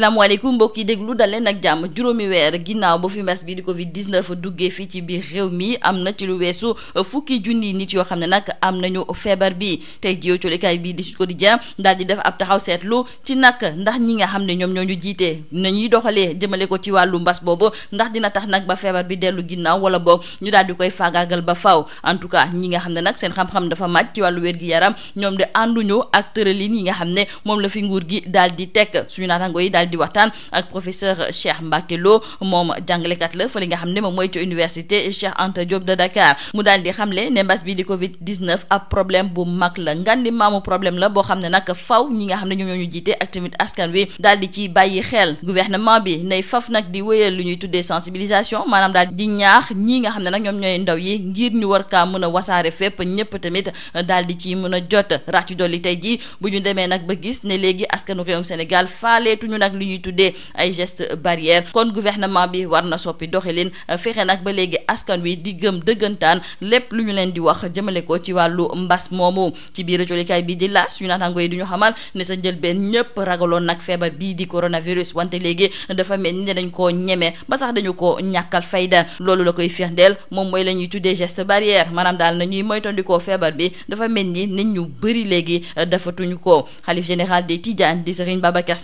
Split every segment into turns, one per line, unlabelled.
asalaamaaleykum mbokki yi déglu dal leen jàmm juróomi weer ginnaaw ba fi mbas bi di covid a duggee fii ci biir réew mi am na ci lu weesu fukki junni nit yoo xam ne nag am nañu feebar bi tey jii colikaay bi di Sud Quotidien daal di def ab taxaw seetlu ci nag ndax ñi nga xam ne ñoom ñoo ñu jiite nañuy doxalee jëmale ko ci wàllu mbas boobu ndax dina tax nag ba feebar bi dellu ginnaaw wala boobu ñu daal di koy faagaagal ba faw en tout cas ñi nga xam ne nag seen xam-xam dafa màcc ci wàllu wér gi yaram ñoom de ànduñu ak tëralin yi nga xam ne moom la fi nguur gi daal di tekk suñu naataango yi daal daal di waxtaan ak professeur Cheikh Mbacke moom jàngalekat la fa li nga xam ne moom mooy ci université Cheikh Anta Diop de Dakar mu daal xamle ne mbas bi di Covid 19 ab problème bu mag la ngandi maamu problème la boo xam ne nag faw ñi nga xam ne ñoom ñoo ñu jiite ak tamit askan wi daal di ci bàyyi xel gouvernement bi nay faf nag di wéyal lu ñuy tuddee sensibilisation maanaam daal di ñaax ñii nga xam ne nag ñoom ñooy ndaw yi ngir ñu war kaa mën a wasaare fépp ñëpp tamit daal di ci mën a jot rax ci dolli tey jii bu ñu demee nag ba gis ne léegi askanu réewum Sénégal faaleetuñu nag li ñuy tuddee ay gestes barrières kon gouvernement bi war na soppi doxalin fexe nag ba léegi askan wi di gëm dëggantaan lépp lu ñu leen di wax jëmale ko ci wàllu mbas moomu ci biir jolikaay bi di laas ñu naataango yi du ñu xamal ne sa njëlbeen ñëpp ragaloon nag feebar bii di coronavirus wante léegi dafa mel ni dañ koo ñeme ba sax dañu ko ñàkkal fayda loolu la koy firndeel moom mooy la ñuy tuddee geste barrière maanaam daal na ñuy moytandikoo feebar bi dafa mel ni nit ñu bëri léegi dafatuñu ko xalif général des Tidiane di Serigne Babacar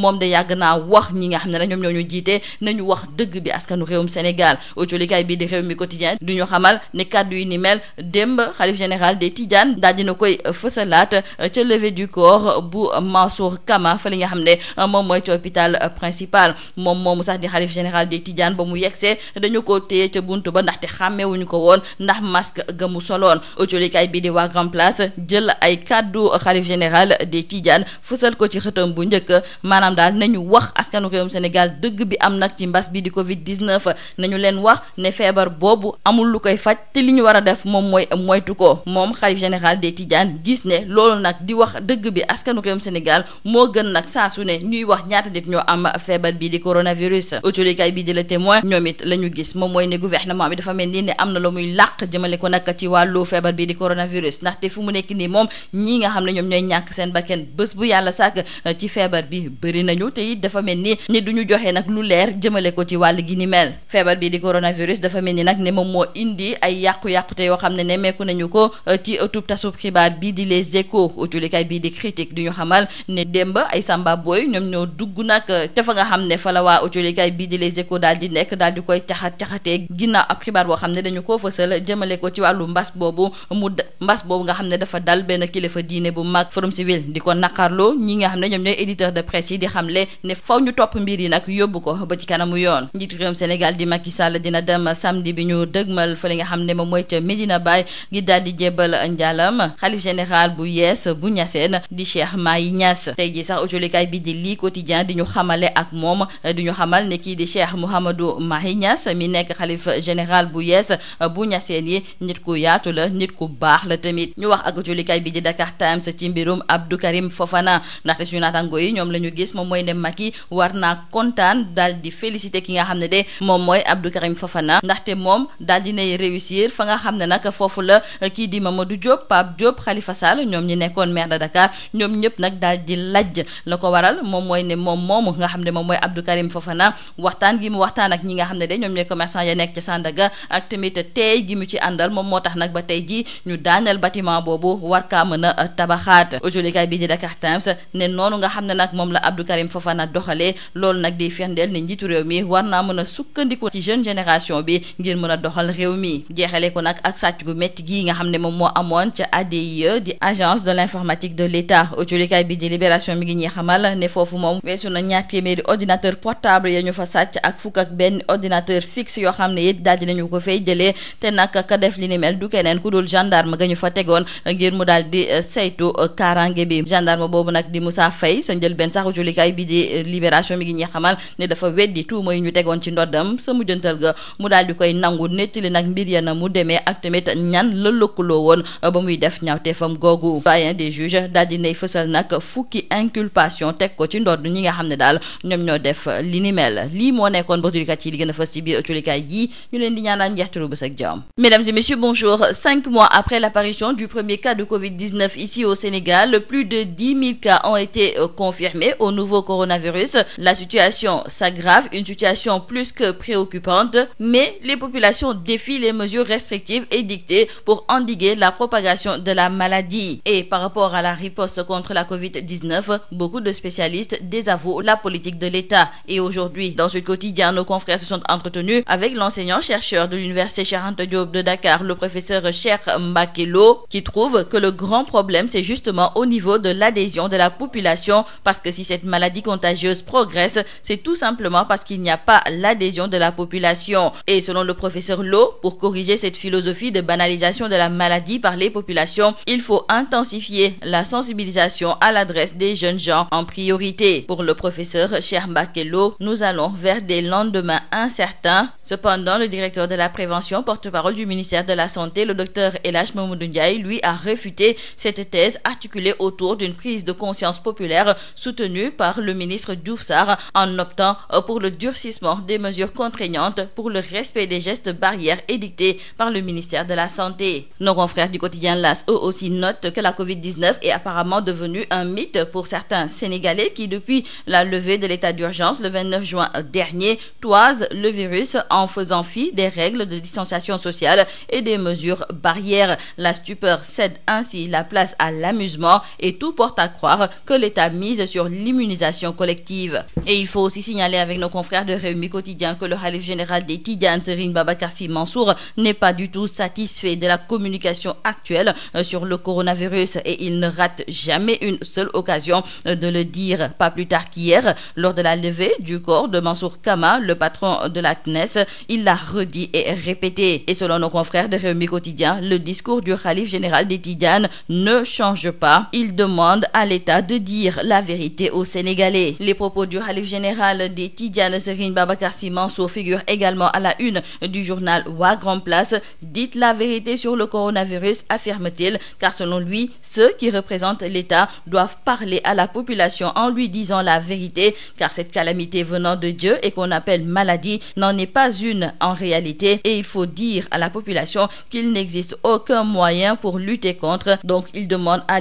moom de yàgg naa wax ñi nga xam ne ñoom ñoo ñu jiite nañu wax dëgg bi askanu réewum Sénégal autolikaay bii di réew mi quotidien du ñu xamal ne kàddu yi ni mel démb xalif général de des Tidiane daal na koy fësalaat ca levée du corps bu Mansour Kama fa li nga xam ne moom mooy ci hôpital principal moom moomu sax di xalif général des Tidiane ba mu yegsee dañu ko téye ca bunt ba te xàmmewuñu ko woon ndax masque ga mu soloon autolikaay bii di waa grand place ay kàddu xalif général des Tidiane fësal ci bu njëkk maanaam daal nañu wax askanu réewum Sénégal dëgg bi am nag ci mbas bi di Covid 19 nañu leen wax ne feebar boobu amul lu koy faj te li ñu war a def moom mooy moytu ko moom xalif général des Tidiane gis ne loolu nag di wax dëgg bi askanu réewum Sénégal moo gën nag saa su ne ñuy wax ñaata nit ñoo am feebar bi di coronavirus autolikaay bi di la témoin ñoom it la ñu gis moom mooy ne gouvernement bi dafa mel ni ne am na la muy làq jëmale ko nag ci wàllu feebar bi di coronavirus ndaxte fu mu nekk nii moom ñii nga xam ne ñoom ñooy ñàkk seen bakkan bés bu yàlla sàkk ci feebar bi bëri bëri nañu te it dafa mel ni ni duñu joxe nag lu leer jëmale ko ci wàll gi ni mel feebar bi di coronavirus dafa mel ni nag ne moom moo indi ay yàqu-yàqute yoo xam ne ne meeku nañu ko euh, ci ëttub tasub xibaar bii di les échos utulikaay bii di critique du ñu xamal ne démb ay samba booy ñoom ñoo dugg nag euh, te nga xam ne fa waa utulikaay bii di les échos daal di nekk dal di koy caxat caxatee ginnaaw ab xibaar boo xam ne dañu koo fësal jëmale ko ci wàllu mbas boobu mu mbas boobu nga xam ne dafa dal benn kilifa diine bu mag forum civil di ko naqarlu ñi nga xam ne ñoom ñooy éditeur de presse yi di xamle ne faw ñu topp mbir yi nag yóbbu ko ba ci kanamu yoon njiitu réewum Sénégal di Macky Sall dina dem samedi bi ñu dëgmal fa li nga xam ne moom mooy ca Medina Baye ngir daal di jébbal njaalam xalif général bu yees bu ñaseen di Cheikh Mahi Niass tey jii sax autolikaay bi di lii quotidien di ñu xamale ak moom di xamal ne kii di Cheikh Mouhamadou Mahi Niass mi nekk xalif général bu yees bu ñaseen yi nit ku yaatu la nit ku baax la tamit ñu wax ak autolikaay bi di Dakar Times ci mbirum Abdou Karim Fofana ndaxte suñu naataango yi ñoom la gis moom mooy ne Macky war naa kontaan daal di félicité ki nga xam ne de moom mooy Abdou Karim Fofana ndaxte moom daal di nay réussir fa nga xam ne nag foofu la kii di Mamadou Diop Pape Diop Khalifa Sall ñoom ñi nekkoon maire de Dakar ñoom ñëpp nag daal di lajj la ko waral moom mooy ne moom moomu nga xam ne moom mooy Abdou Karim Fofana waxtaan gi mu waxtaan ak ñi nga xam ne de ñoom ñooy commerçant ya nekk ci Sandaga ak tamit tey gi mu ci moom moo tax nag ba tey ji ñu daaneel bâtiment boobu war kaa mën a tabaxaat aujourd'hui bii di Dakar Times ne la Abdou Abdou Karim Fofana doxalee loolu nag di firndeel ne njiitu réew mi war naa mën a sukkandiku ci jeune génération bi ngir mën a doxal réew mi jeexalee ko nag ak sàcc gu métti gii nga xam ne moom moo amoon ca ADIE di agence de l' informatique de l' état autolikaay bi di libération mi ngi ñuy xamal ne foofu moom weesu na ñaar téeméeri ordinateur portable ya ñu fa sàcc ak fukk ak benn ordinateur fixe yoo xam ne it daal dinañu ko fay jëlee te nag ka def li ni mel du keneen ku dul gendarme ga fa tegoon ngir mu daal di euh, saytu euh, kaaraange bi gendarme boobu nag di Moussa Faye sa njël benn yéenekaay bi di eh, libération mi ngi ñuy xamal ne dafa weddi tuuma yi ñu tegoon ci ndoddam sa mujjantal ga mu daal di koy nangu nettali nag mbir ya na mu demee ak tamit ñan la lëkkaloo woon eh, ba muy def ñaawteefam googu doyen de juges daal di nay fësal nag fukki inculpation teg ko ci ndodd ñi nga xam ne daal ñoom ñoo def li ni mel lii moo nekkoon botulikat yi li gën a fës ci biir ëtulikaay yi ñu leen di ñaanal njeextalu bés ak jàmm mesdames et messieurs nouveau coronavirus. La situation s'aggrave, une situation plus que préoccupante, mais les populations défient les mesures restrictives édictées pour endiguer la propagation de la maladie. Et par rapport à la riposte contre la covid beaucoup de spécialistes désavouent la politique de l'État. Et aujourd'hui, dans ce quotidien, nos confrères sont entretenus avec l'enseignant-chercheur de l'université Cheikh Anta de Dakar, le professeur Cheikh Mbacké qui trouve cette maladie contagieuse progresse, c'est tout simplement parce qu'il n'y a pas l'adhésion de la population. Et selon le professeur Lowe, pour corriger cette philosophie de banalisation de la maladie par les populations, il faut intensifier la sensibilisation à l'adresse des jeunes gens en priorité. Pour le professeur Cheikh Mbacké Lo, nous allons vers des lendemains incertains. Cependant, le directeur de la prévention, porte-parole du ministère de la Santé, le docteur El Hadj a réfuté cette thèse articulée de conscience populaire par le ministre Diouf Sarr en optant euh, pour le durcissement des mesures contraignantes pour le respect des gestes barrières édictés par le ministère de la Santé. Nos confrères du quotidien LAS, eux aussi, notent que la covid est apparemment devenue un mythe pour certains Sénégalais qui, depuis la levée de l'état d'urgence le 29 juin dernier, toisent le virus en faisant fi des règles de distanciation sociale et des mesures barrières. La stupeur cède ainsi la immunisation collective. Et il faut aussi signaler avec nos confrères de Réumi Quotidien que le Khalif général des Tidjane, Serigne Babacar Sy Mansour, n'est pas du tout satisfait de la communication actuelle euh, sur le coronavirus et il ne rate jamais une seule occasion euh, de le dire. Pas plus tard qu'hier, lors de la levée du corps de Mansour Kama, le patron de la CNES, il l'a redit et répété. Et selon nos confrères de Réumi Quotidien, le discours du Khalif général des Tidjane sénégalais. Les propos du Khalif général des Tidjanes Serigne Babacar Sy Mansour également à la une du journal Wa Grand Place. Dites la vérité sur le coronavirus, affirme-t-il, car selon lui, ceux qui représentent l'État doivent parler à la population en lui disant la vérité, car cette calamité venant de Dieu et qu'on appelle maladie n'en est pas une en réalité et il faut dire à la population qu'il n'existe aucun moyen pour lutter contre. Donc il demande à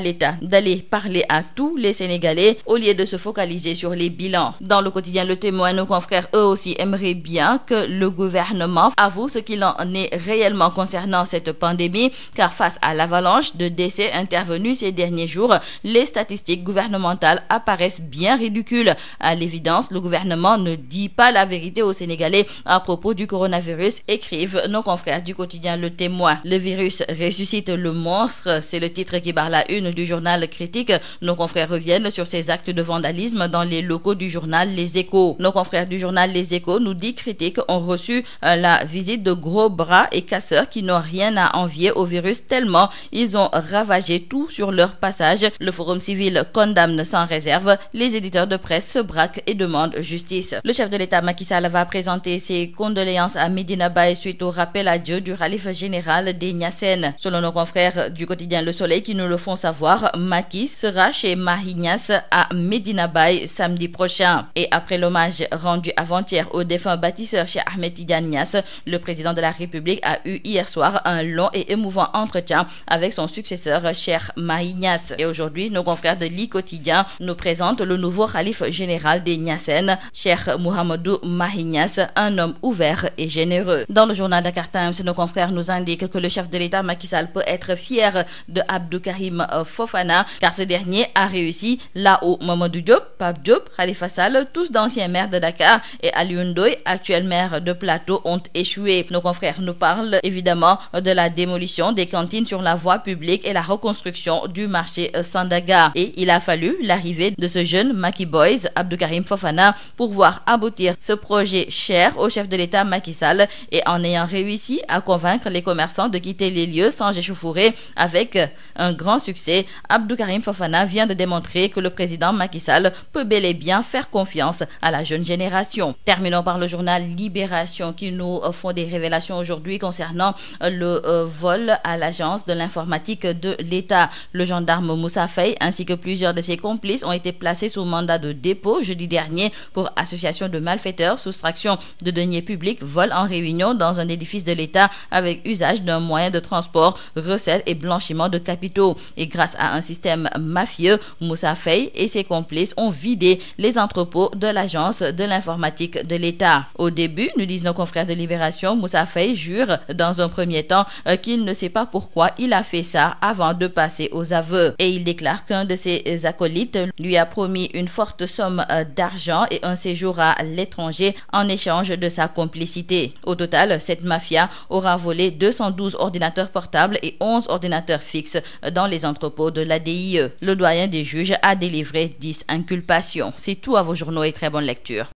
focaliser sur les bilans. Dans le quotidien Le Témoin, nos confrères eux aussi aimeraient bien que le gouvernement avoue ce qu'il en est réellement concernant cette pandémie, car face à l'avalanche de décès intervenus ces derniers jours, les statistiques gouvernementales apparaissent bien ridicules. À l'évidence, le gouvernement ne dit pas la vérité aux Sénégalais à propos du coronavirus, écrivent nos confrères du quotidien Le Témoin. Le virus ressuscite le monstre, vandalisme dans les locaux du journal Les Échos. Nos confrères du journal Les Échos nous dit critiques ont reçu euh, la visite de gros bras et casseurs qui n'ont rien à envier au virus tellement ils ont ravagé tout sur leur passage. Le Forum civil condamne sans réserve. Les éditeurs de presse se braquent et demandent justice. Le chef de l'État Macky va présenter ses condoléances à Medina suite au rappel à du ralif général des Niassènes. Selon nos confrères Guédiawaye samedi prochain. Et après l'hommage rendu avant-hier au défunt bâtisseur chez Ahmed Tidiane Niasse, le président de la République a eu hier soir un long et émouvant entretien avec son successeur cher Mahi Niasse. Et aujourd'hui, nos confrères de Li Quotidien nous présentent le nouveau khalife général des Niassènes, cher Mouhamadou Mahi Niasse, un homme ouvert et généreux. Dans le journal Dakar nos confrères nous indiquent que le chef de l'État Macky a Diop, Pape Diop, Khalifa Sall, tous d'anciens maires de Dakar et Alioune Ndoye, actuel maire de Plateau, ont échoué. Nos confrères nous parlent évidemment de la démolition des cantines sur la voie publique et la reconstruction du marché Sandaga. Et il a fallu l'arrivée de ce jeune Macky Boys, Abdou Karim Fofana, pour voir aboutir ce projet cher au chef de l'État Macky et en ayant réussi à convaincre les commerçants de quitter les lieux sans échauffourée avec un Sall peut bel et bien faire confiance à la jeune génération. Terminons par le journal Libération qui nous font des révélations aujourd'hui concernant euh, le euh, vol à l'agence de l'informatique de l'État. Le gendarme Moussa Faye ainsi que plusieurs de ses complices ont été placés sous mandat de dépôt jeudi dernier pour association de malfaiteurs, soustraction de deniers publics, vol en réunion dans un édifice de l'État avec usage d'un moyen de transport, recel et de capitaux. Et grâce à un système police ont vidé les entrepôts de l'agence de l'informatique de l'État. Au début, nous disent nos confrères de Libération, Moussa Faye jure dans un premier temps euh, qu'il ne sait pas pourquoi il a fait ça avant de passer aux aveux. Et il déclare qu'un de ses acolytes lui a promis une forte somme euh, d'argent et un séjour à l'étranger en échange de sa complicité. Au total, cette mafia aura volé 212 ordinateurs portables et 11 ordinateurs fixes dans les entrepôts de l'ADIE. Le inculpation. C'est tout à vos journaux et très bonne lecture.